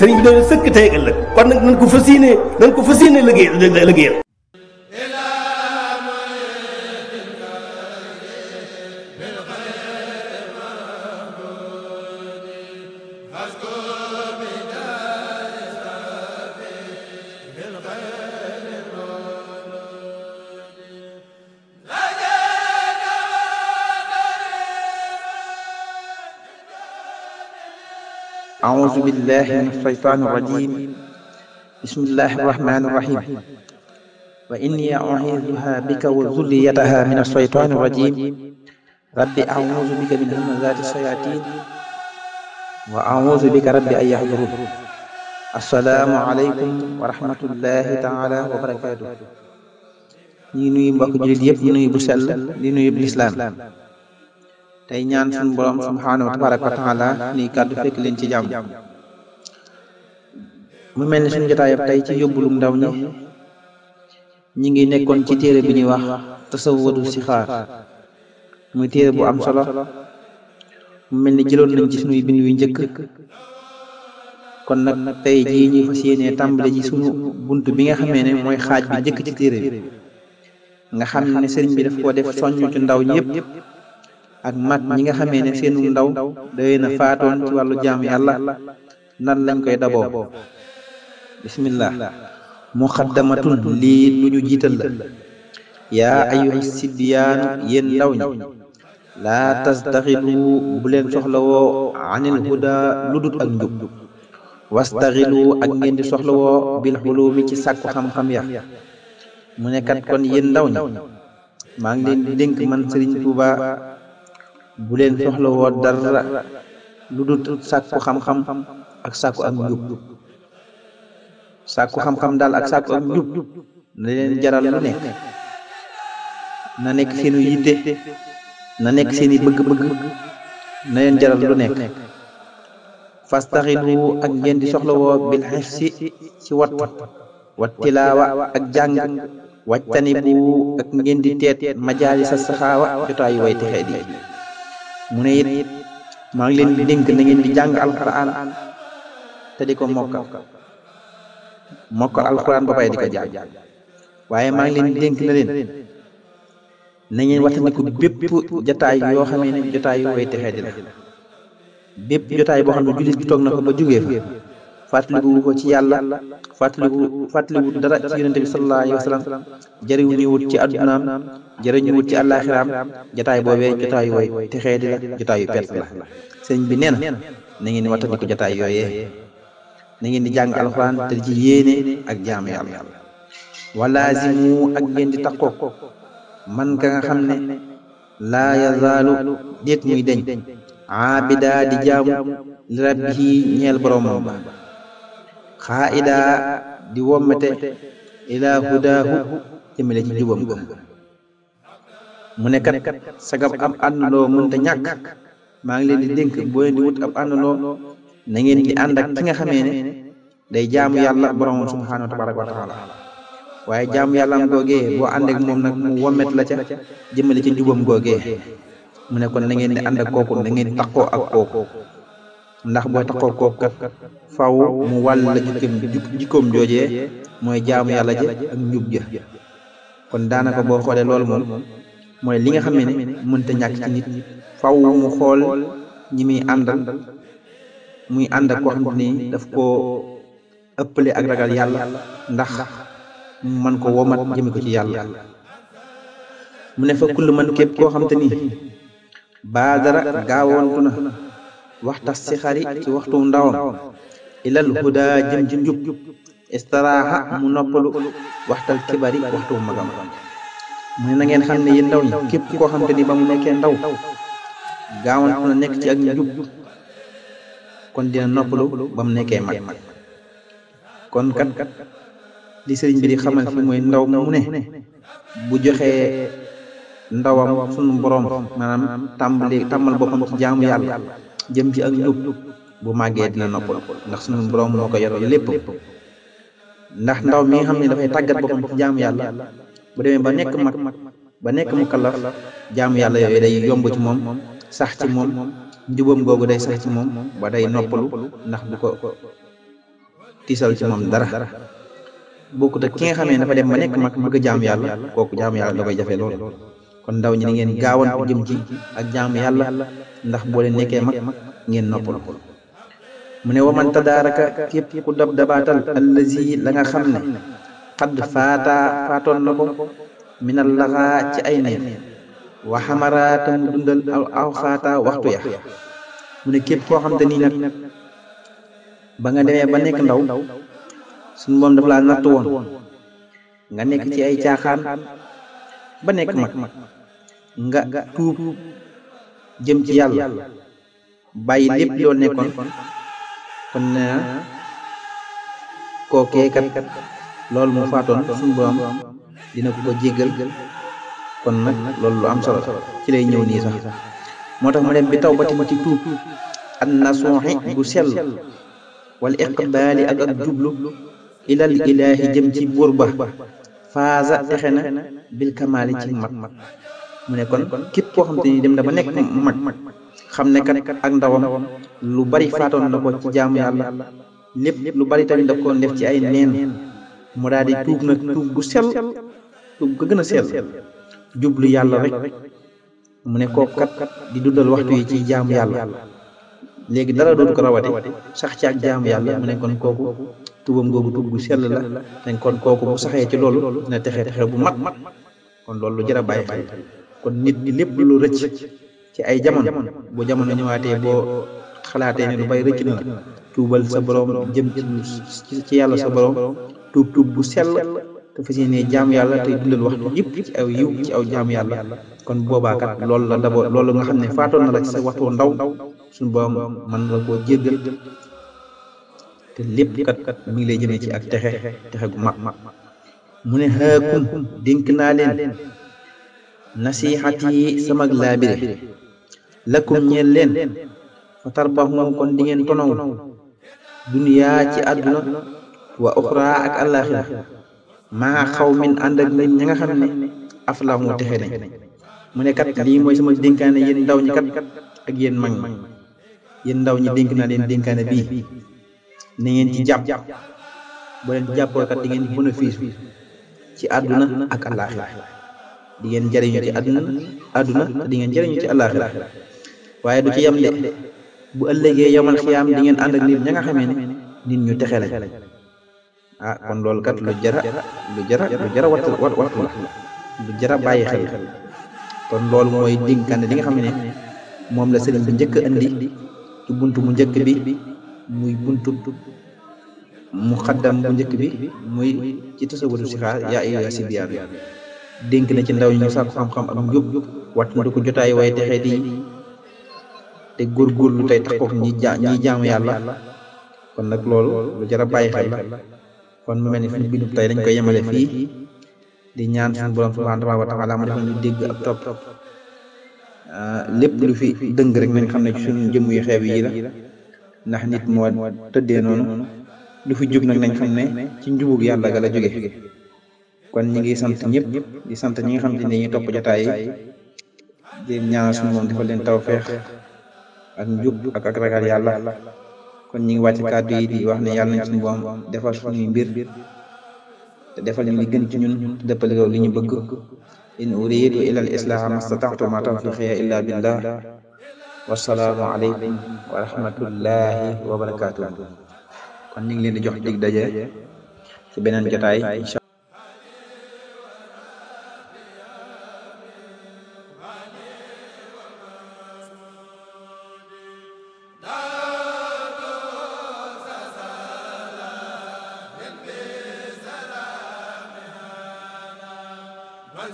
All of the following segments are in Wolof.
sëriñ bi dañu sëkk tey ëllëg kon nag nañ ko fas yéene nañ ko fas yéene liggéey liggéeyal Let's go. أعوذ بالله من الشيطان الرجيم بسم الله الرحمن الرحيم وإني أعيذها بك وذريتها من الشيطان الرجيم رب أعوذ بك من همزات الشياطين وأعوذ بك رب أن يحضرون السلام عليكم ورحمة الله تعالى وبركاته ñu nuyu mbokk jullit yëpp di nuyu bu sell di nuyu lislaam tey ñaan suñu borom subhaanahu wa tabaraka ni kàddu fekk leen ci jàmm mu mel ni suñu jotaayab tey ci yóbbulum ndaw ñi ñi ngi nekkoon ci téere bi ñuy wax tasawwadu sixaar muy téere bu am solo mu mel ni jëloon nañ ci suñuy bind wi njëkk kon nag tey jii ñuy fas yéenee tàmbali ci suñu bunt bi nga xamee ne mooy xaaj bi jëkk ci téere bi nga xam ne sëriñ bi daf ko def soññ ci ndaw ñëpp ak mat ñi nga xamee ne seenu ndaw day na faatoon ci wàllu jaam yàlla nan lañ koy daboo bismillah muqaddamatun lii lu ñu jiital la yaa ayyuha sibyaanu yéen ndaw ñi laa tastaxilu bu leen soxlawoo anil huda lu dut ak njub wastaxilu ak ngeen di soxlawoo bil xulumi ci sàkku xam-xam ya mu nekkat kon yéen ndaw ñi maa ngi leen dénk man Serigne Touba bu leen soxla woo dara lu dul sàkku xam-xam ak sàkku ak njub sàkku xam-xam daal ak sàkku ak njub na leen jaral lu nekk na nekk seenu yitte na nekk seeni bëgg-bëgg na leen jaral lu nekk fastaxidu ak ngeen di soxla woo bil xifsi ci wat wat tilaawa ak jàng wàccani bu ak ngeen di teet majaalisa saxaawa jotaayu way texee di mu ne yit maa ngi leen di dénk na ngeen di jàng alquran te di ko mokkal mokkal alquran ba pay di ko jàng waaye maa ngi leen di dénk na leen na ngeen wattandiku bépp jotaay yoo xamee ne jotaay yu way texee di la bépp jotaay boo xam ne jullit bi toog na ko ba jógee fa fàttaliku ko ci yàlla fàttaliku fàttaliku dara ci yonente bi sallallahu alayhi wa sallam jëriñu ñëwut ci addunaam jëriñu wut ci àllaaxiraam jotaay boobee jotaayu way texee di la jotaayu perte la bi nee na na ngeen di wattandiku jotaay yooyee na ngeen di jàng alxuraan te di ci yéene ak jaamu yàlla walaazimu ak ngeen di takkoo man kaa nga xam ne laa yazaalu déet muy deñ aabida di jaamu li rabbihi ñeel boroomam ba xaa'ida di wommate ilaa hudaahu jëmale ci jubam gëm mu ne kat sagab am àndandoo mënta ñàkk maa ngi leen di dénk boo leen di wut ab àndandoo na ngeen di ànd ak ki nga xamee ne day jaamu yàlla borom subhaanahu wa tabaaraka wa taala waaye jaamu yàllaam googee boo ànd moom nag mu wommet la ca jëmale ci jubam googee mu ne kon na ngeen di ànd ak kooku na ngeen taqoo ak kooku ndax boo taxoo kooku kat faaw mu wàll la jikkoom jikkoom joojee mooy jaamu yàlla ja ak njub ja kon daanaka boo xoolee loolu moom mooy li nga xam ne mënta ñàkk ci nit faaw mu xool ñi muy àndal muy ànd koo xam ni daf koo ëppale ak ragal yàlla ndax mu mën ko womat jëme ko ci yàlla mu ne fa kullu man képp koo xam te ni baadara gaawoontu na waxtas si xari ci waxtu ndawam ilal huda jëm ci njub istaraaxa mu noppalu waxtal kibari waxtu magam mu ne na ngeen xam ne yéen ndaw ñi képp koo xam te ni ba mu nekkee ndaw gaawantu na nekk ci ak njub kon dina noppalu ba mu nekkee mag kon kat li sëriñ bi di xamal fi mooy ndaw mu ne bu joxee ndawam sunu boroom maanaam tàmbali tàmmal boppam ci jaamu yàlla jëm ji ak njub bu màggee dina noppal ndax suñu borom moo ko yoroo lépp ndax ndaw mi nga xam ne dafay tàggat boppam ci jaamu yàlla bu demee ba nekk mag ba nekk mu kallaf jaamu yàlla yooyu day yomb ci moom sax ci moom njubam googu day sax ci moom ba day noppalu ndax du ko tiisal ci moom dara bokkut ak ki nga xamee dafa dem ba nekk mag bëgg jaamu yàlla kooku jaamu yàlla da koy jafe lool kon ndaw ñi ni ngeen gaawantu jëm ci ak jaamu yàlla ndax boo leen nekkee mag ngeen noppal mu ne daa tadaaraka képp ku dab dabaatal allazi la nga xam ne xad faata faatoon na ko minal laxaa ci ay neef wa xamara te mu dundal aw xaata waxtu ya mu ne képp koo xam te nii nag ba nga demee ba nekk ndaw suñu moom dafa laa natt woon nga nekk ci ay caaxaan ba nekk mag nga tuub jëm ci yàlla bàyyi lépp loo nekkoon kon naa kookee kat loolu mu faatoon suñu dina ko ko jéggal kon nag loolu lu am solo ci lay ñëw nii sax moo tax ma dem bi taw ba ci tuub an nasuuxi gu sell wala iqbaali ak ak jublu ilal ilaahi jëm ci buur ba faasa texe na bil kamaali ci mag mag mu ne kon képp koo xam ni dem na ba nekk mag xam ne kat ak ndawam lu bari faatoon na ko ci jaamu yàlla lépp lu bari tamit da ko def ci ay neen mu daal di tuub na tuub gu sell tuub ga gën a sell jublu yàlla rek mu ne kooku kat di dundal waxtu yi ci jaamu yàlla léegi dara dootu ko rawati sax ci ak jaamu yàlla mu ne kon kooku tubam googu tub gu sell la dañ kon kooku bu saxee ci loolu dina texe texe bu mat mat kon loolu lu jar a bàyyi xel kon nit ñi lépp lu rëcc ci ay jamono bu jamono ñëwaatee boo xalaatee ne lu bay rëcc na la tuubal sa borom jëm ci ci yàlla sa borom tuub tuub bu sell te fas yéene jaamu yàlla te dundal waxtu yëpp ci aw yiw ci aw jaamu yàlla kon boobaakat loolu la d'abord loolu nga xam ne faatoon na la ci sa waxtu ndaw suñu boom mën la koo jéggal te lépp kat kat mi ngi lay jëmee ci ak texe texe gu mag mu ne xaakum dénk naa leen nasiixat yi samag laabire lakkum ñeen leen fa tarbaxu kon di ngeen tonaw duniyaa ci àdduna wa uxraa ak àllaaxira maa xaw min ànd ak ñi nga xam ne aflaahu mu texe nañ mu ne kat lii mooy sama dénkaane yéen ndaw ñi kat ak yéen mag ma yéen ndaw ñi dénk naa leen dénkaane bii ni ngeen ci jàpp bu leen jàppoo kat di ngeen bénéfice ci àdduna ak àllaaxira di ngeen jëriñu ci àdduna àdduna di ngeen jëriñu ci àllaaxira waaye du ci yam de bu ëllëgee yamal xiyaam di ngeen ànd ak nit ña nga xamee ne nit ñu texe lañ Ah, ah kon loolu kat lu jara lu jara lu jara wat wat wattu la lu jara bàyyi xel kon loolu mooy dénkaane li nga xam ne moom la sëriñ bi njëkk andi ci bunt bu njëkk bi muy buntu mu xaddam bu njëkk bi muy ci tasawudu si xaar yaa ayyuhaa sibyaan dénk na ci ndaw ñu sàkku xam-xam ak njub wat ma du ko jotaay waaye texe di te tey tax ko ñi ja ñi jaamu yàlla kon nag loolu lu jara bàyyi xel kon mu mel ni suñu bindub tey dañ koy yemale fii di ñaan suñu borom subhanahu wa taala mu defal ñu dégg ak topp lépp lu fi dëng rek nañ xam ne ci suñu jëmm yu xeeb yi la ndax nit moo tëddee noonu lu fi jug nag nañ xam ci njubug yàlla ga la jóge kon ñi ngi sant ñëpp di sant ñi nga xam ne ngi topp jotaay yi di ñaanal suñu moom defal leen tawfeex ak njub ak ak ragal yàlla kon ñu ngi wàcc kàddu yi wax ne yàlla nañ suñu boom defal suñuy mbir te defal ñu li gën ci ñun te dëppale ko li ñu bëgg in uridu ila al islaha mastata'tu ma tawfiqiya illa billah wassalaamu aleykum wa rahmatullahi wa barakatuh kon ñu ngi leen di jox dig daje ci beneen jotaay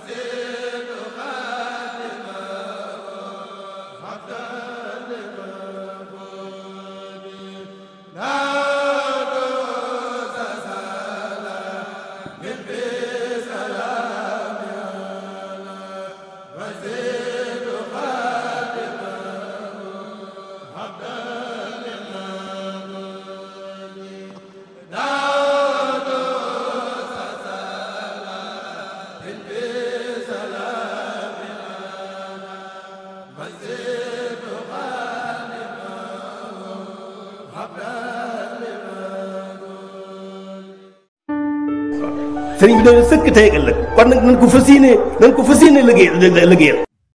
in sëriñ bi dañoo sëkk tey ëllëg kon nag nañ ko fas yéenee nañ ko fas yéenee liggéey liggéeyal